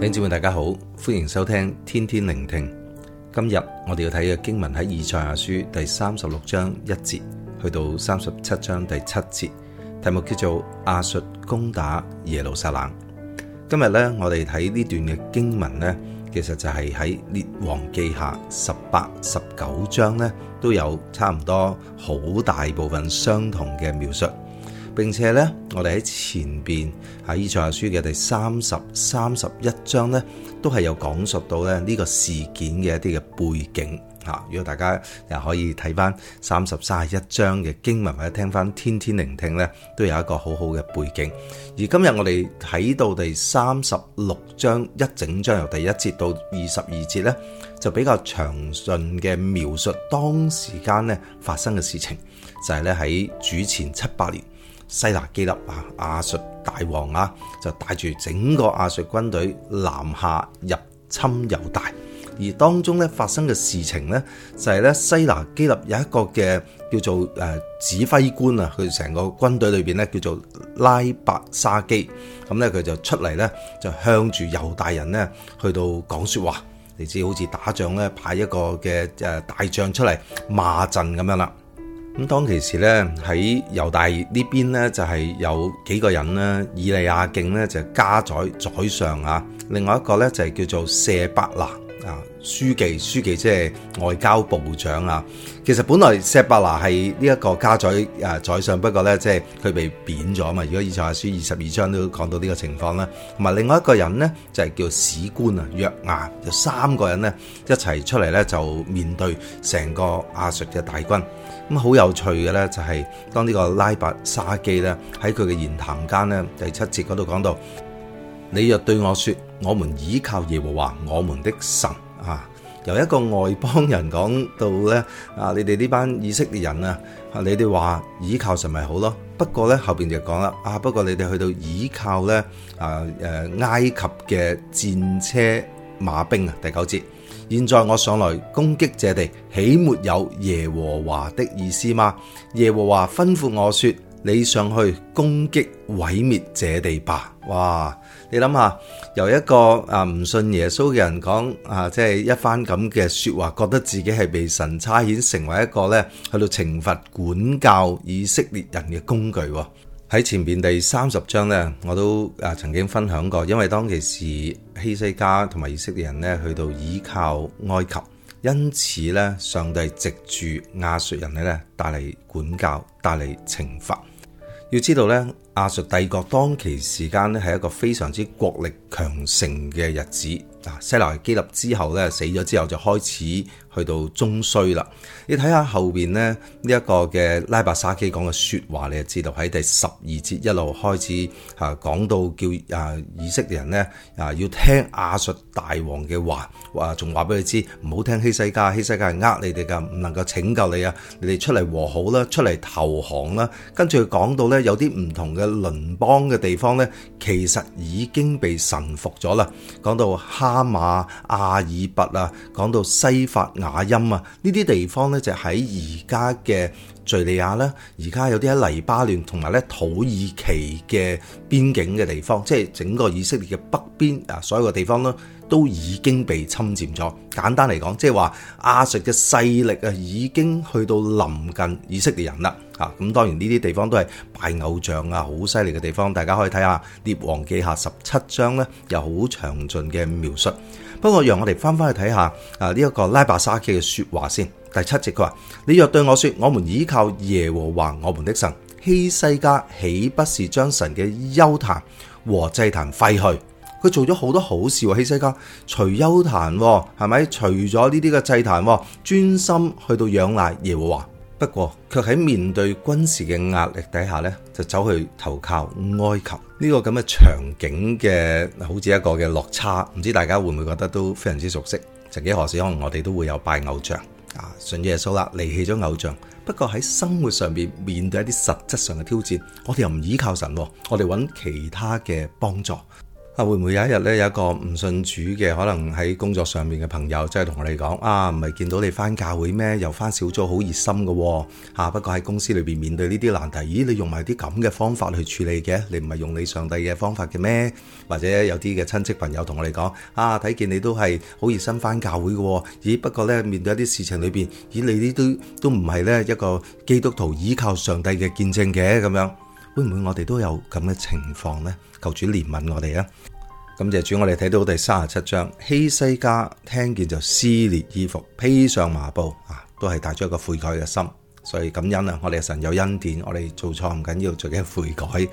聽眾朋友大家好，歡迎收聽天天聆聽。今日我哋要睇嘅經文喺以賽亞書第三十六章一節去到三十七章第七節，題目叫做亞述攻打耶路撒冷。今日咧，我哋睇呢段嘅經文咧，其實就係喺列王記下十八、十九章咧都有差唔多好大部分相同嘅描述。並且咧，我哋喺前邊喺《以賽亞書》嘅第三十三十一章咧，都係有講述到咧呢個事件嘅一啲嘅背景嚇、啊。如果大家又可以睇翻三十三十一章嘅經文，或者聽翻天天聆聽咧，都有一個好好嘅背景。而今日我哋睇到第三十六章一整章，由第一節到二十二節咧，就比較詳盡嘅描述當時間咧發生嘅事情，就係咧喺主前七八年。西拿基立啊，亞述大王啊，就帶住整個亞述軍隊南下入侵猶大，而當中咧發生嘅事情咧，就係、是、咧西拿基立有一個嘅叫做誒、呃、指揮官啊，佢成個軍隊裏邊咧叫做拉伯沙基，咁咧佢就出嚟咧就向住猶大人咧去到講説話，你知好似打仗咧派一個嘅誒大將出嚟罵陣咁樣啦。咁當其時呢，喺猶大呢邊呢就係有幾個人呢，以利亞敬呢就家宰宰相啊，另外一個呢就係叫做舍伯那，啊，書記書記即係外交部長啊，其實本來舍伯那係呢一個家宰，啊宰相，不過咧即係佢被貶咗嘛。如果以賽亞書二十二章都講到呢個情況啦，同埋另外一個人咧就係、是、叫史官啊約亞，就三個人咧一齊出嚟咧就面對成個亞述嘅大軍。咁好有趣嘅咧就係、是、當呢個拉伯沙基咧喺佢嘅言談間咧第七節嗰度講到。你若對我説：我們倚靠耶和華，我們的神啊！由一個外邦人講到咧啊，你哋呢班以色列人啊，你哋話倚靠神咪好咯？不過咧，後邊就講啦，啊不過你哋去到倚靠咧啊誒、啊、埃及嘅戰車馬兵啊，第九節，現在我上來攻擊這地，豈沒有耶和華的意思嗎？耶和華吩咐我説。你上去攻擊毀滅這地吧！哇，你諗下，由一個啊唔信耶穌嘅人講啊，即係一番咁嘅説話，覺得自己係被神差遣成為一個咧去到懲罰管教以色列人嘅工具喎。喺前邊第三十章呢，我都啊曾經分享過，因為當其時希西家同埋以色列人咧去到依靠埃及，因此呢，上帝藉住亞述人咧帶嚟管教，帶嚟懲罰。要知道咧，亞述帝國當其時間咧，係一個非常之國力強盛嘅日子。啊，西拿基立之後咧，死咗之後就開始去到中衰啦。你睇下後邊咧呢一個嘅拉伯沙基講嘅説話，你就知道喺第十二節一路開始啊，講到叫啊以色列人咧啊要聽亞述大王嘅話，話仲話俾你知，唔好聽希西家，希西家係呃你哋噶，唔能夠拯救你啊。你哋出嚟和好啦，出嚟投降啦。跟住佢講到咧有啲唔同嘅鄰邦嘅地方咧，其實已經被臣服咗啦。講到哈馬、亞珥拔啊，講到西法瓦因啊，呢啲地方咧就喺而家嘅敘利亞咧，而家有啲喺黎巴嫩同埋咧土耳其嘅邊境嘅地方，即係整個以色列嘅北邊啊，所有嘅地方咯。都已經被侵佔咗。簡單嚟講，即係話亞述嘅勢力啊，已經去到臨近以色列人啦。嚇，咁當然呢啲地方都係拜偶像啊，好犀利嘅地方。大家可以睇下《列王紀下》十七章呢，有好詳盡嘅描述。不過，讓我哋翻翻去睇下啊，呢一個拉伯沙基嘅説話先。第七節佢話：你若對我説，我們依靠耶和華我們的神希西家，豈不是將神嘅邱壇和祭壇廢去？佢做咗好多好事喎、啊，喺希西家除邱壇係、啊、咪？除咗呢啲嘅祭壇、啊，專心去到仰賴耶和華。不過卻喺面對軍事嘅壓力底下呢，就走去投靠埃及。呢、這個咁嘅場景嘅，好似一個嘅落差。唔知大家會唔會覺得都非常之熟悉？曾幾何時，可能我哋都會有拜偶像啊，信耶穌啦，離棄咗偶像。不過喺生活上面面對一啲實質上嘅挑戰，我哋又唔依靠神、啊，我哋揾其他嘅幫助。啊，會唔會有一日咧，有一個唔信主嘅，可能喺工作上面嘅朋友，即係同我哋講啊，唔係見到你翻教會咩？又翻小組好熱心嘅、啊，吓、啊，不過喺公司裏邊面，面對呢啲難題，咦，你用埋啲咁嘅方法去處理嘅，你唔係用你上帝嘅方法嘅咩？或者有啲嘅親戚朋友同我哋講啊，睇見你都係好熱心翻教會嘅、啊，咦、啊，不過咧面對一啲事情裏邊，咦，你呢都都唔係咧一個基督徒依靠上帝嘅見證嘅咁、啊、樣。會唔會我哋都有咁嘅情況呢？求主憐憫我哋啊！咁謝主，我哋睇到第三十七章，希西家聽見就撕裂衣服，披上麻布啊，都係帶咗一個悔改嘅心。所以感恩啊，我哋嘅神有恩典，我哋做錯唔緊要，最緊係悔改。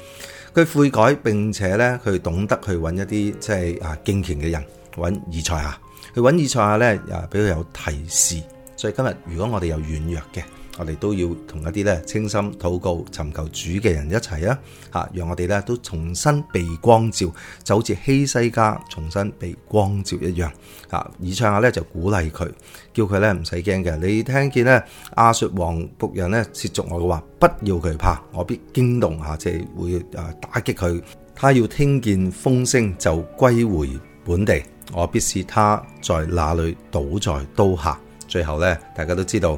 佢悔改，並且呢，佢懂得去揾一啲即係啊敬虔嘅人，揾以賽亞啊，去揾以賽亞啊呢啊，俾佢有提示。所以今日如果我哋有軟弱嘅，我哋都要同一啲咧清心禱告、尋求主嘅人一齊啊！吓，讓我哋咧都重新被光照，就好似希西家重新被光照一樣啊！以唱下咧就鼓勵佢，叫佢咧唔使驚嘅。你聽見咧亞述王僕人咧褻瀆我嘅話，不要佢怕，我必驚動吓，即係會誒打擊佢。他要聽見風聲就歸回本地，我必使他在那裏倒在刀下。最後咧，大家都知道。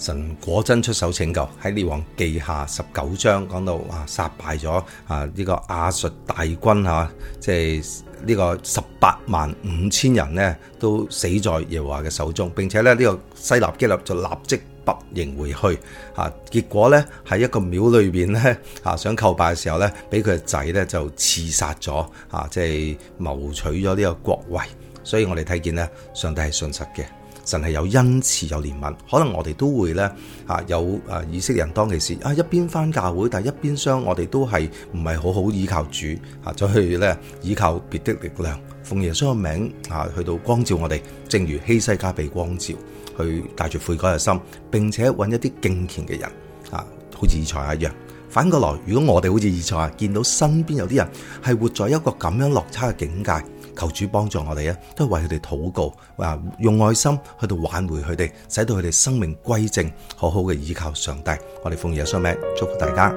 神果真出手拯救，喺列王記下十九章講到，哇，殺敗咗啊呢個亞述大軍啊，即係呢個十八萬五千人呢都死在耶和華嘅手中，並且咧呢、這個西拿基立就立即北營回去，啊，結果咧喺一個廟裏邊咧啊想叩拜嘅時候咧，俾佢嘅仔咧就刺殺咗，啊，即係謀取咗呢個國位，所以我哋睇見咧上帝係信實嘅。神係有恩慈有憐憫，可能我哋都會咧嚇有以色列人當其時啊，一邊翻教會，但係一邊上，我哋都係唔係好好依靠主啊，再去咧依靠別的力量。奉耶穌嘅名嚇去到光照我哋，正如希西，希西家被光照，去帶住悔改嘅心，並且揾一啲敬虔嘅人啊，好似以賽亞一樣。反過來，如果我哋好似以賽亞啊，見到身邊有啲人係活在一個咁樣落差嘅境界。求主幫助我哋咧，都係為佢哋禱告，話用愛心去到挽回佢哋，使到佢哋生命歸正，好好嘅依靠上帝。我哋奉耶穌名祝福大家。